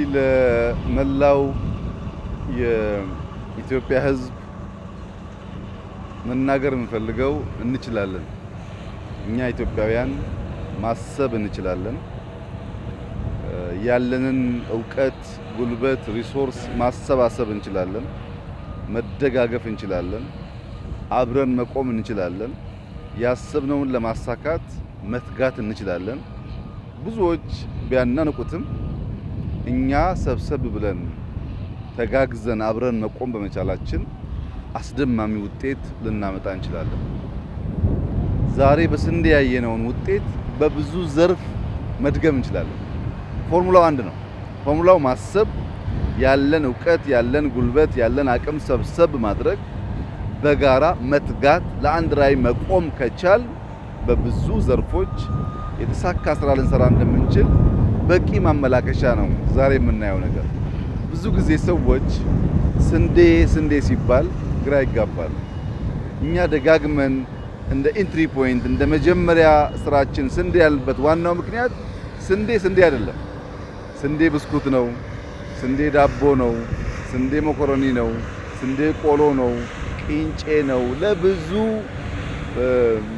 እንግዲህ ለመላው የኢትዮጵያ ሕዝብ መናገር የምፈልገው እንችላለን፣ እኛ ኢትዮጵያውያን ማሰብ እንችላለን። ያለንን እውቀት፣ ጉልበት፣ ሪሶርስ ማሰባሰብ እንችላለን። መደጋገፍ እንችላለን። አብረን መቆም እንችላለን። ያሰብነውን ለማሳካት መትጋት እንችላለን። ብዙዎች ቢያናንቁትም እኛ ሰብሰብ ብለን ተጋግዘን አብረን መቆም በመቻላችን አስደማሚ ውጤት ልናመጣ እንችላለን። ዛሬ በስንዴ ያየነውን ውጤት በብዙ ዘርፍ መድገም እንችላለን። ፎርሙላው አንድ ነው። ፎርሙላው ማሰብ፣ ያለን እውቀት፣ ያለን ጉልበት፣ ያለን አቅም ሰብሰብ ማድረግ፣ በጋራ መትጋት፣ ለአንድ ራዕይ መቆም ከቻል በብዙ ዘርፎች የተሳካ ስራ ልንሰራ እንደምንችል በቂ ማመላከሻ ነው። ዛሬ የምናየው ነገር ብዙ ጊዜ ሰዎች ስንዴ ስንዴ ሲባል ግራ ይጋባል። እኛ ደጋግመን እንደ ኢንትሪ ፖይንት እንደ መጀመሪያ ስራችን ስንዴ ያልንበት ዋናው ምክንያት ስንዴ ስንዴ አይደለም። ስንዴ ብስኩት ነው፣ ስንዴ ዳቦ ነው፣ ስንዴ መኮረኒ ነው፣ ስንዴ ቆሎ ነው፣ ቂንጬ ነው። ለብዙ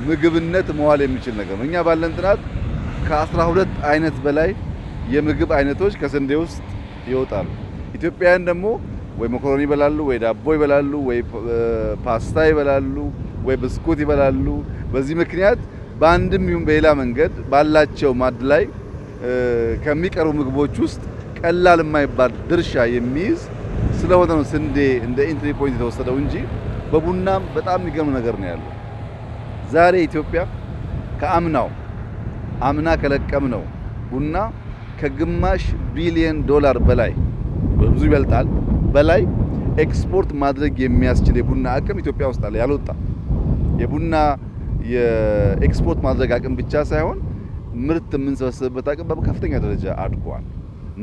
ምግብነት መዋል የሚችል ነገር ነው። እኛ ባለን ጥናት ከ ሁለት አይነት በላይ የምግብ አይነቶች ከስንዴ ውስጥ ይወጣሉ። ኢትዮጵያውያን ደግሞ ወይ መኮረኒ ይበላሉ፣ ወይ ዳቦ ይበላሉ፣ ወይ ፓስታ ይበላሉ፣ ወይ ብስኩት ይበላሉ። በዚህ ምክንያት በአንድም ይሁን በሌላ መንገድ ባላቸው ማድ ላይ ከሚቀርቡ ምግቦች ውስጥ ቀላል የማይባል ድርሻ የሚይዝ ስለሆነ ነው ስንዴ እንደ ኢንትሪ ፖይንት የተወሰደው እንጂ በቡናም በጣም የሚገርም ነገር ነው ያለው። ዛሬ ኢትዮጵያ ከአምናው አምና ከለቀም ነው ቡና ከግማሽ ቢሊየን ዶላር በላይ ብዙ ይበልጣል በላይ ኤክስፖርት ማድረግ የሚያስችል የቡና አቅም ኢትዮጵያ ውስጥ አለ ያልወጣ የቡና የኤክስፖርት ማድረግ አቅም ብቻ ሳይሆን ምርት የምንሰበሰብበት አቅም በከፍተኛ ደረጃ አድጓል።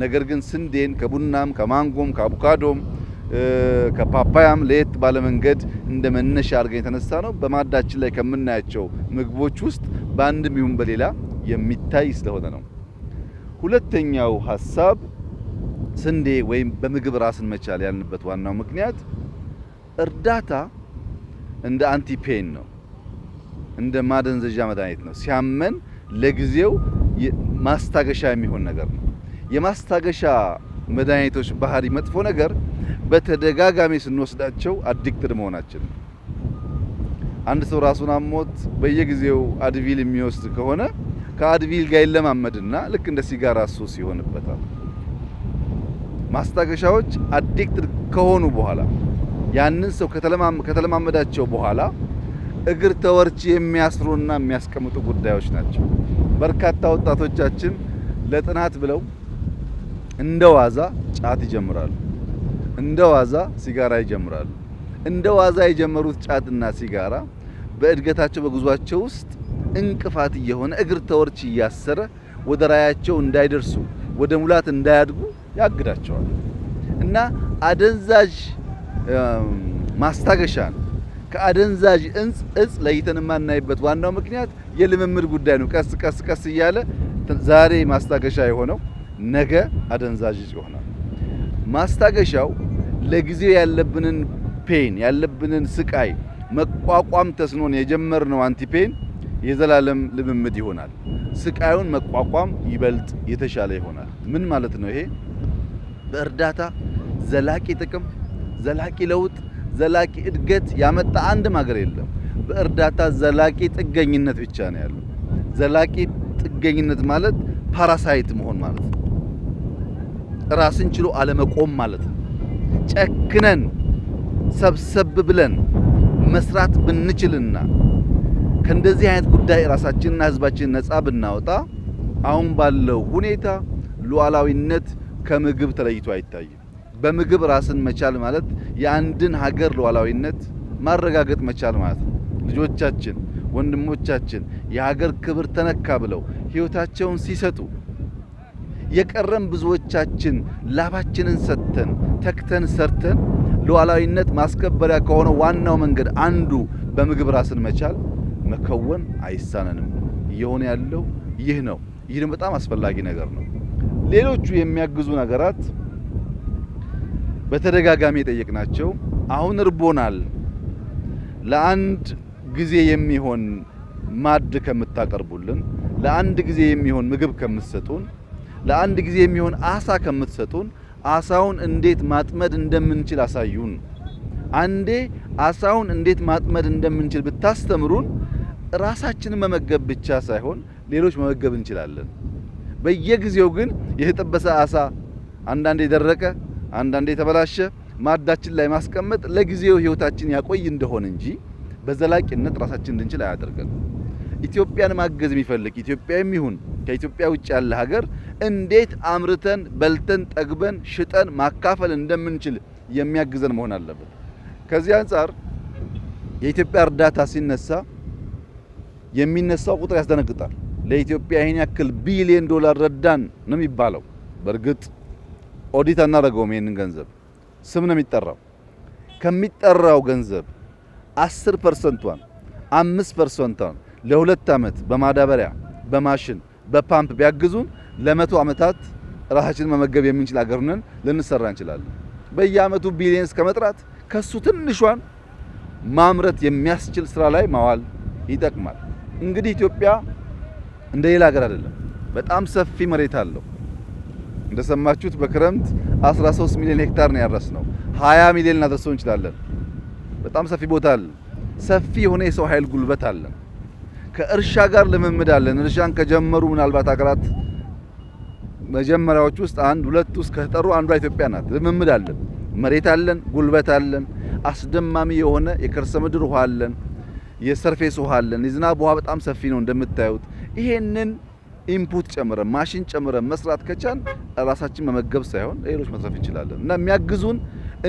ነገር ግን ስንዴን ከቡናም ከማንጎም ከአቮካዶም ከፓፓያም ለየት ባለመንገድ እንደ መነሻ አድርገን የተነሳ ነው። በማዳችን ላይ ከምናያቸው ምግቦች ውስጥ በአንድም ይሁን በሌላ የሚታይ ስለሆነ ነው። ሁለተኛው ሀሳብ ስንዴ ወይም በምግብ ራስን መቻል ያልንበት ዋናው ምክንያት እርዳታ እንደ አንቲፔን ነው፣ እንደ ማደንዘዣ መድኃኒት ነው። ሲያመን ለጊዜው ማስታገሻ የሚሆን ነገር ነው። የማስታገሻ መድኃኒቶች ባህሪ መጥፎ ነገር በተደጋጋሚ ስንወስዳቸው አዲክትድ መሆናችን ነው። አንድ ሰው ራሱን አሞት በየጊዜው አድቪል የሚወስድ ከሆነ ከአድቪል ጋር ይለማመድና ልክ እንደ ሲጋራ ሱስ ይሆንበታል። ማስታገሻዎች አዲክትድ ከሆኑ በኋላ ያንን ሰው ከተለማመዳቸው በኋላ እግር ተወርች የሚያስሩና የሚያስቀምጡ ጉዳዮች ናቸው። በርካታ ወጣቶቻችን ለጥናት ብለው እንደ ዋዛ ጫት ይጀምራሉ፣ እንደ ዋዛ ሲጋራ ይጀምራሉ። እንደ ዋዛ የጀመሩት ጫትና ሲጋራ በእድገታቸው በጉዟቸው ውስጥ እንቅፋት እየሆነ እግር ተወርች እያሰረ ወደ ራያቸው እንዳይደርሱ ወደ ሙላት እንዳያድጉ ያግዳቸዋል እና አደንዛዥ ማስታገሻ ነው። ከአደንዛዥ እጽ እጽ ለይተን የማናይበት ዋናው ምክንያት የልምምድ ጉዳይ ነው። ቀስ ቀስ ቀስ እያለ ዛሬ ማስታገሻ የሆነው ነገ አደንዛዥ እጽ ይሆናል። ማስታገሻው ለጊዜው ያለብንን ፔን ያለብንን ስቃይ መቋቋም ተስኖን የጀመርነው አንቲፔን የዘላለም ልምምድ ይሆናል። ስቃዩን መቋቋም ይበልጥ የተሻለ ይሆናል። ምን ማለት ነው ይሄ? በእርዳታ ዘላቂ ጥቅም፣ ዘላቂ ለውጥ፣ ዘላቂ እድገት ያመጣ አንድም ሀገር የለም። በእርዳታ ዘላቂ ጥገኝነት ብቻ ነው ያለው። ዘላቂ ጥገኝነት ማለት ፓራሳይት መሆን ማለት ነው። ራስን ችሎ አለመቆም ማለት ነው። ጨክነን ሰብሰብ ብለን መስራት ብንችልና ከእንደዚህ አይነት ጉዳይ ራሳችንና ህዝባችን ነጻ ብናወጣ አሁን ባለው ሁኔታ ሉዓላዊነት ከምግብ ተለይቶ አይታይም። በምግብ ራስን መቻል ማለት የአንድን ሀገር ሉዓላዊነት ማረጋገጥ መቻል ማለት ነው። ልጆቻችን፣ ወንድሞቻችን የሀገር ክብር ተነካ ብለው ህይወታቸውን ሲሰጡ የቀረን ብዙዎቻችን ላባችንን ሰጥተን ተክተን ሰርተን ሉዓላዊነት ማስከበሪያ ከሆነ ዋናው መንገድ አንዱ በምግብ ራስን መቻል መከወን አይሳነንም። እየሆነ ያለው ይህ ነው። ይህ ደግሞ በጣም አስፈላጊ ነገር ነው። ሌሎቹ የሚያግዙ ነገራት በተደጋጋሚ የጠየቅናቸው አሁን እርቦናል፣ ለአንድ ጊዜ የሚሆን ማድ ከምታቀርቡልን፣ ለአንድ ጊዜ የሚሆን ምግብ ከምትሰጡን፣ ለአንድ ጊዜ የሚሆን አሳ ከምትሰጡን አሳውን እንዴት ማጥመድ እንደምንችል አሳዩን። አንዴ አሳውን እንዴት ማጥመድ እንደምንችል ብታስተምሩን ራሳችንን መመገብ ብቻ ሳይሆን ሌሎች መመገብ እንችላለን። በየጊዜው ግን የተጠበሰ አሳ፣ አንዳንዴ የደረቀ፣ አንዳንዴ የተበላሸ ማዳችን ላይ ማስቀመጥ ለጊዜው ህይወታችን ያቆይ እንደሆነ እንጂ በዘላቂነት ራሳችን እንድንችል አያደርገን። ኢትዮጵያን ማገዝ የሚፈልግ ኢትዮጵያም ይሁን ከኢትዮጵያ ውጭ ያለ ሀገር እንዴት አምርተን በልተን ጠግበን ሽጠን ማካፈል እንደምንችል የሚያግዘን መሆን አለበት። ከዚህ አንጻር የኢትዮጵያ እርዳታ ሲነሳ የሚነሳው ቁጥር ያስደነግጣል። ለኢትዮጵያ ይህን ያክል ቢሊዮን ዶላር ረዳን ነው የሚባለው። በእርግጥ ኦዲት አናደርገውም። ይህንን ገንዘብ ስም ነው የሚጠራው። ከሚጠራው ገንዘብ አስር ፐርሰንቷን፣ አምስት ፐርሰንቷን ለሁለት ዓመት በማዳበሪያ በማሽን በፓምፕ ቢያግዙን ለመቶ ዓመታት ራሳችንን መመገብ የምንችል አገር ነን፣ ልንሰራ እንችላለን። በየዓመቱ ቢሊየንስ ከመጥራት ከሱ ትንሿን ማምረት የሚያስችል ስራ ላይ ማዋል ይጠቅማል። እንግዲህ ኢትዮጵያ እንደ ሌላ ሀገር አይደለም። በጣም ሰፊ መሬት አለው። እንደሰማችሁት በክረምት 13 ሚሊዮን ሄክታር ነው ያረስነው። 20 ሚሊዮን እናደርሰው እንችላለን። በጣም ሰፊ ቦታ አለ። ሰፊ የሆነ የሰው ኃይል ጉልበት አለን። ከእርሻ ጋር ልምምድ አለን። እርሻን ከጀመሩ ምናልባት ሀገራት መጀመሪያዎች ውስጥ አንድ ሁለት ውስጥ ከተጠሩ አንዷ ኢትዮጵያ ናት። ልምምድ አለን፣ መሬት አለን፣ ጉልበት አለን፣ አስደማሚ የሆነ የከርሰ ምድር ውሃ አለን። የሰርፌስ ውሃ አለን። የዝናብ ውሃ በጣም ሰፊ ነው እንደምታዩት። ይሄንን ኢንፑት ጨምረን ማሽን ጨምረን መስራት ከቻን ራሳችን መመገብ ሳይሆን ሌሎች መትረፍ እንችላለን። እና የሚያግዙን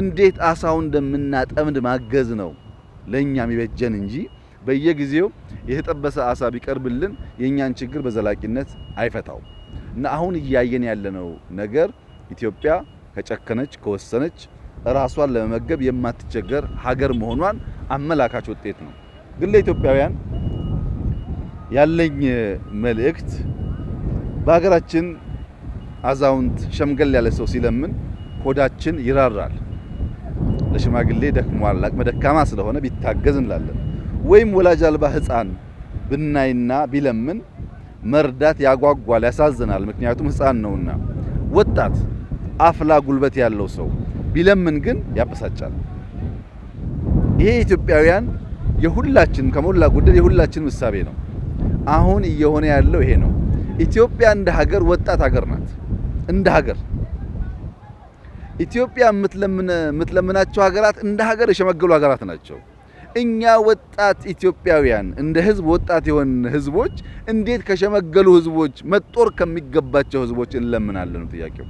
እንዴት አሳውን እንደምናጠምድ ማገዝ ነው ለእኛ የሚበጀን እንጂ በየጊዜው የተጠበሰ አሳ ቢቀርብልን የእኛን ችግር በዘላቂነት አይፈታው እና አሁን እያየን ያለነው ነገር ኢትዮጵያ ከጨከነች ከወሰነች ራሷን ለመመገብ የማትቸገር ሀገር መሆኗን አመላካች ውጤት ነው። ግን ለኢትዮጵያውያን ያለኝ መልእክት በሀገራችን አዛውንት ሸምገል ያለ ሰው ሲለምን ሆዳችን ይራራል። ለሽማግሌ ደክሟል፣ አቅመ ደካማ ስለሆነ ቢታገዝ እንላለን። ወይም ወላጅ አልባ ሕፃን ብናይና ቢለምን መርዳት ያጓጓል፣ ያሳዝናል። ምክንያቱም ሕፃን ነውና። ወጣት አፍላ ጉልበት ያለው ሰው ቢለምን ግን ያበሳጫል። ይሄ ኢትዮጵያውያን የሁላችን ከሞላ ጎደል የሁላችን ምሳቤ ነው። አሁን እየሆነ ያለው ይሄ ነው። ኢትዮጵያ እንደ ሀገር ወጣት ሀገር ናት። እንደ ሀገር ኢትዮጵያ የምትለምናቸው ሀገራት እንደ ሀገር የሸመገሉ ሀገራት ናቸው። እኛ ወጣት ኢትዮጵያውያን እንደ ህዝብ ወጣት የሆን ህዝቦች እንዴት ከሸመገሉ ህዝቦች መጦር ከሚገባቸው ህዝቦች እንለምናለን? ጥያቄው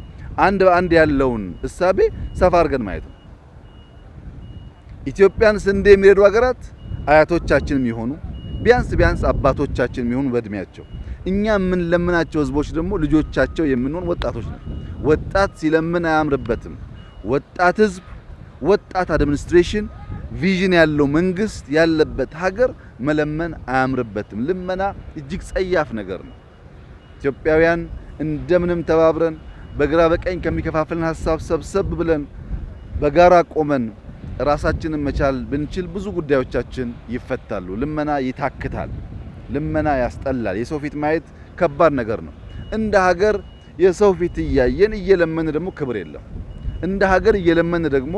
አንድ በአንድ ያለውን እሳቤ ሰፋ አድርገን ማየት ነው። ኢትዮጵያን ስንዴ የሚረዱ ሀገራት አያቶቻችን የሚሆኑ ቢያንስ ቢያንስ አባቶቻችን የሚሆኑ በእድሜያቸው እኛ የምንለምናቸው ህዝቦች ደግሞ ልጆቻቸው የምንሆን ወጣቶች ነው። ወጣት ሲለምን አያምርበትም። ወጣት ህዝብ፣ ወጣት አድሚኒስትሬሽን፣ ቪዥን ያለው መንግስት ያለበት ሀገር መለመን አያምርበትም። ልመና እጅግ ጸያፍ ነገር ነው። ኢትዮጵያውያን እንደምንም ተባብረን በግራ በቀኝ ከሚከፋፍልን ሀሳብ ሰብሰብ ብለን በጋራ ቆመን ራሳችንን መቻል ብንችል ብዙ ጉዳዮቻችን ይፈታሉ። ልመና ይታክታል። ልመና ያስጠላል። የሰው ፊት ማየት ከባድ ነገር ነው። እንደ ሀገር የሰው ፊት እያየን እየለመን ደግሞ ክብር የለም። እንደ ሀገር እየለመን ደግሞ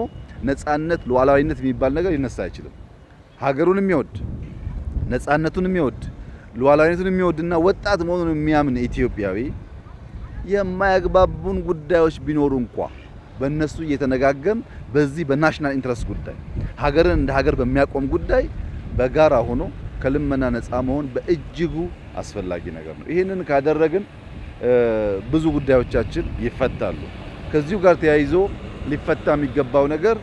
ነጻነት፣ ሉዓላዊነት የሚባል ነገር ሊነሳ አይችልም። ሀገሩን የሚወድ ነጻነቱን የሚወድ ሉዓላዊነቱን የሚወድና ወጣት መሆኑን የሚያምን ኢትዮጵያዊ የማያግባቡን ጉዳዮች ቢኖሩ እንኳ በእነሱ እየተነጋገን በዚህ በናሽናል ኢንትረስት ጉዳይ ሀገርን እንደ ሀገር በሚያቆም ጉዳይ በጋራ ሆኖ ከልመና ነፃ መሆን በእጅጉ አስፈላጊ ነገር ነው። ይህንን ካደረግን ብዙ ጉዳዮቻችን ይፈታሉ። ከዚሁ ጋር ተያይዞ ሊፈታ የሚገባው ነገር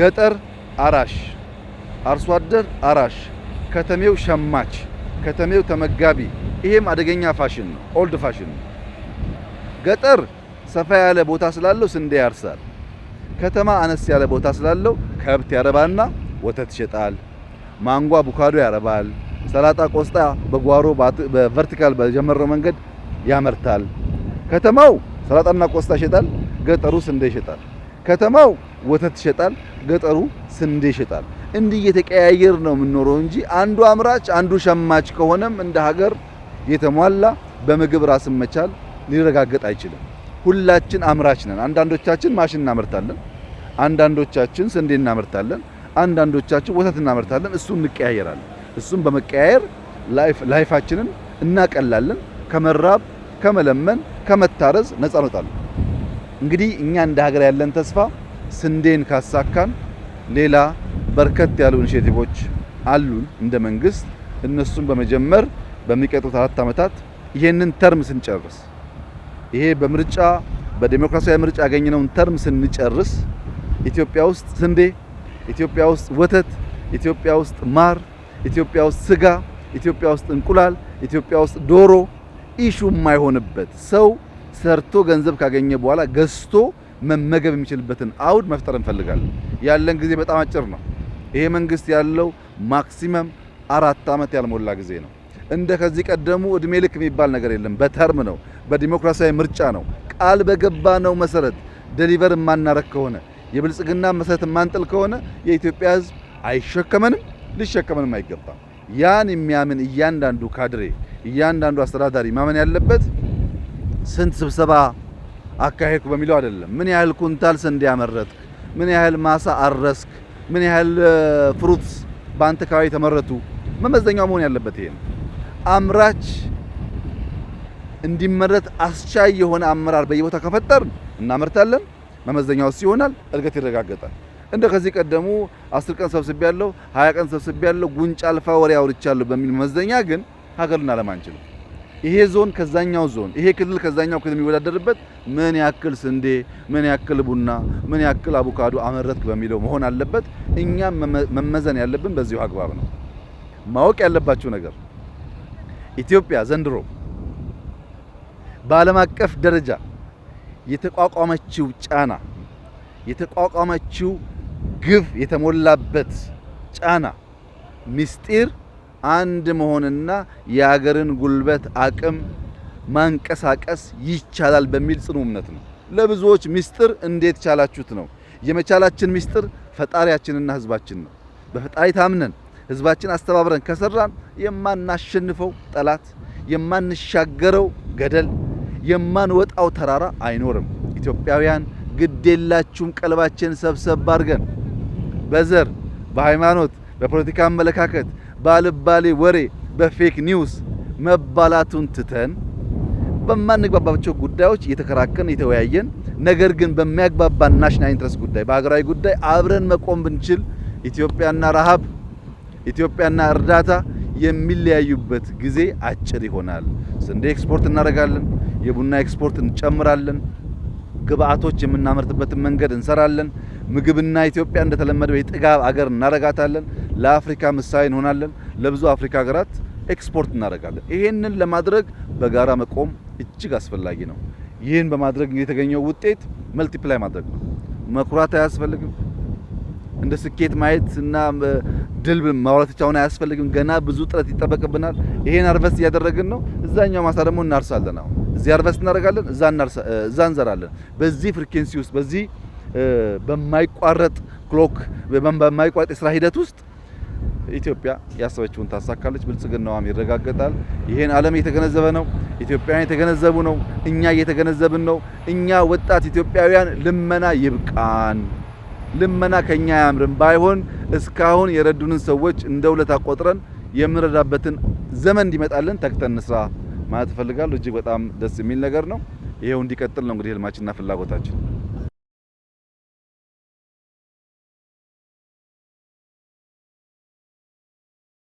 ገጠር አራሽ፣ አርሶ አደር አራሽ፣ ከተሜው ሸማች፣ ከተሜው ተመጋቢ። ይሄም አደገኛ ፋሽን ነው፣ ኦልድ ፋሽን ነው። ገጠር ሰፋ ያለ ቦታ ስላለው ስንዴ ያርሳል። ከተማ አነስ ያለ ቦታ ስላለው ከብት ያረባና ወተት ይሸጣል። ማንጎ፣ አቡካዶ ያረባል። ሰላጣ፣ ቆስጣ በጓሮ በቨርቲካል በጀመረው መንገድ ያመርታል። ከተማው ሰላጣና ቆስጣ ይሸጣል፣ ገጠሩ ስንዴ ይሸጣል። ከተማው ወተት ይሸጣል፣ ገጠሩ ስንዴ ይሸጣል። እንዲህ እየተቀያየር ነው የምንኖረው እንጂ አንዱ አምራች አንዱ ሸማች ከሆነም እንደ ሀገር የተሟላ በምግብ ራስን መቻል ሊረጋገጥ አይችልም። ሁላችን አምራች ነን። አንዳንዶቻችን ማሽን እናመርታለን። አንዳንዶቻችን ስንዴ እናመርታለን፣ አንዳንዶቻችን ወተት እናመርታለን። እሱን እንቀያየራለን። እሱን በመቀያየር ላይፋችንን እናቀላለን። ከመራብ ከመለመን ከመታረዝ ነፃ እንወጣለን። እንግዲህ እኛ እንደ ሀገር ያለን ተስፋ ስንዴን ካሳካን ሌላ በርከት ያሉ ኢኒሼቲቮች አሉን እንደ መንግስት። እነሱን በመጀመር በሚቀጥሉት አራት ዓመታት ይሄንን ተርም ስንጨርስ ይሄ በምርጫ በዲሞክራሲያዊ ምርጫ ያገኘነውን ተርም ስንጨርስ ኢትዮጵያ ውስጥ ስንዴ፣ ኢትዮጵያ ውስጥ ወተት፣ ኢትዮጵያ ውስጥ ማር፣ ኢትዮጵያ ውስጥ ስጋ፣ ኢትዮጵያ ውስጥ እንቁላል፣ ኢትዮጵያ ውስጥ ዶሮ ኢሹ የማይሆንበት ሰው ሰርቶ ገንዘብ ካገኘ በኋላ ገዝቶ መመገብ የሚችልበትን አውድ መፍጠር እንፈልጋለን። ያለን ጊዜ በጣም አጭር ነው። ይሄ መንግስት ያለው ማክሲመም አራት ዓመት ያልሞላ ጊዜ ነው። እንደ ከዚህ ቀደሙ እድሜ ልክ የሚባል ነገር የለም። በተርም ነው፣ በዲሞክራሲያዊ ምርጫ ነው። ቃል በገባ ነው መሰረት ደሊቨር የማናረግ ከሆነ የብልጽግና መሰረት ማንጥል ከሆነ የኢትዮጵያ ህዝብ አይሸከመንም፣ ሊሸከመንም አይገባም። ያን የሚያምን እያንዳንዱ ካድሬ፣ እያንዳንዱ አስተዳዳሪ ማመን ያለበት ስንት ስብሰባ አካሄድኩ በሚለው አይደለም። ምን ያህል ኩንታል ስንዴ ያመረትክ፣ ምን ያህል ማሳ አረስክ፣ ምን ያህል ፍሩትስ በአንተ አካባቢ ተመረቱ፣ መመዘኛው መሆን ያለበት ይሄ ነው። አምራች እንዲመረት አስቻይ የሆነ አመራር በየቦታ ከፈጠር እናመርታለን። መመዘኛው ይሆናል። እድገት ይረጋገጣል። እንደ ከዚህ ቀደሙ አስር ቀን ሰብስቤ ያለው ሀያ ቀን ሰብስቤ ያለው ጉንጭ አልፋ ወሬ አውርቻለሁ በሚል መመዘኛ ግን ሀገር ልናለማ አንችልም። ይሄ ዞን ከዛኛው ዞን ይሄ ክልል ከዛኛው ክልል የሚወዳደርበት ምን ያክል ስንዴ፣ ምን ያክል ቡና፣ ምን ያክል አቮካዶ አመረትክ በሚለው መሆን አለበት። እኛም መመዘን ያለብን በዚሁ አግባብ ነው። ማወቅ ያለባችሁ ነገር ኢትዮጵያ ዘንድሮ በዓለም አቀፍ ደረጃ የተቋቋመችው ጫና የተቋቋመችው ግፍ የተሞላበት ጫና ምስጢር አንድ መሆንና የሀገርን ጉልበት አቅም ማንቀሳቀስ ይቻላል በሚል ጽኑ እምነት ነው። ለብዙዎች ምስጢር እንዴት ቻላችሁት ነው። የመቻላችን ምስጢር ፈጣሪያችንና ህዝባችን ነው። በፈጣሪ ታምነን ህዝባችን አስተባብረን ከሰራን የማናሸንፈው ጠላት፣ የማንሻገረው ገደል የማንወጣው ተራራ አይኖርም። ኢትዮጵያውያን ግድ የላችሁም። ቀልባችን ሰብሰብ አድርገን በዘር፣ በሃይማኖት፣ በፖለቲካ አመለካከት፣ ባልባሌ ወሬ፣ በፌክ ኒውስ መባላቱን ትተን በማንግባባቸው ጉዳዮች እየተከራከን እየተወያየን ነገር ግን በሚያግባባ ናሽናል ኢንትረስት ጉዳይ በሀገራዊ ጉዳይ አብረን መቆም ብንችል ኢትዮጵያና ረሃብ፣ ኢትዮጵያና እርዳታ የሚለያዩበት ጊዜ አጭር ይሆናል። ስንዴ ኤክስፖርት እናደርጋለን፣ የቡና ኤክስፖርት እንጨምራለን፣ ግብአቶች የምናመርትበትን መንገድ እንሰራለን። ምግብና ኢትዮጵያ እንደተለመደው የጥጋብ አገር እናረጋታለን። ለአፍሪካ ምሳሌ እንሆናለን። ለብዙ አፍሪካ ሀገራት ኤክስፖርት እናደርጋለን። ይሄንን ለማድረግ በጋራ መቆም እጅግ አስፈላጊ ነው። ይህን በማድረግ የተገኘው ውጤት መልቲፕላይ ማድረግ ነው። መኩራት አያስፈልግም። እንደ ስኬት ማየት እና ድል ማውራት ብቻ አያስፈልግም። ገና ብዙ ጥረት ይጠበቅብናል። ይሄን አርቨስት እያደረግን ነው። እዛኛው ማሳ ደግሞ እናርሳለን። አሁን እዚህ አርቨስት እናደርጋለን፣ እዛ እንዘራለን። በዚህ ፍሪኬንሲ ውስጥ በዚህ በማይቋረጥ ክሎክ በማይቋረጥ የስራ ሂደት ውስጥ ኢትዮጵያ ያሰበችውን ታሳካለች። ብልጽግናዋም ይረጋገጣል። ይሄን ዓለም እየተገነዘበ ነው። ኢትዮጵያውያን የተገነዘቡ ነው። እኛ እየተገነዘብን ነው። እኛ ወጣት ኢትዮጵያውያን ልመና ይብቃን። ልመና ከኛ አያምርም። ባይሆን እስካሁን የረዱንን ሰዎች እንደ ውለታ ቆጥረን የምንረዳበትን ዘመን እንዲመጣልን ተግተን እንስራ ማለት እፈልጋለሁ። እጅግ በጣም ደስ የሚል ነገር ነው። ይሄው እንዲቀጥል ነው እንግዲህ ህልማችንና ፍላጎታችን።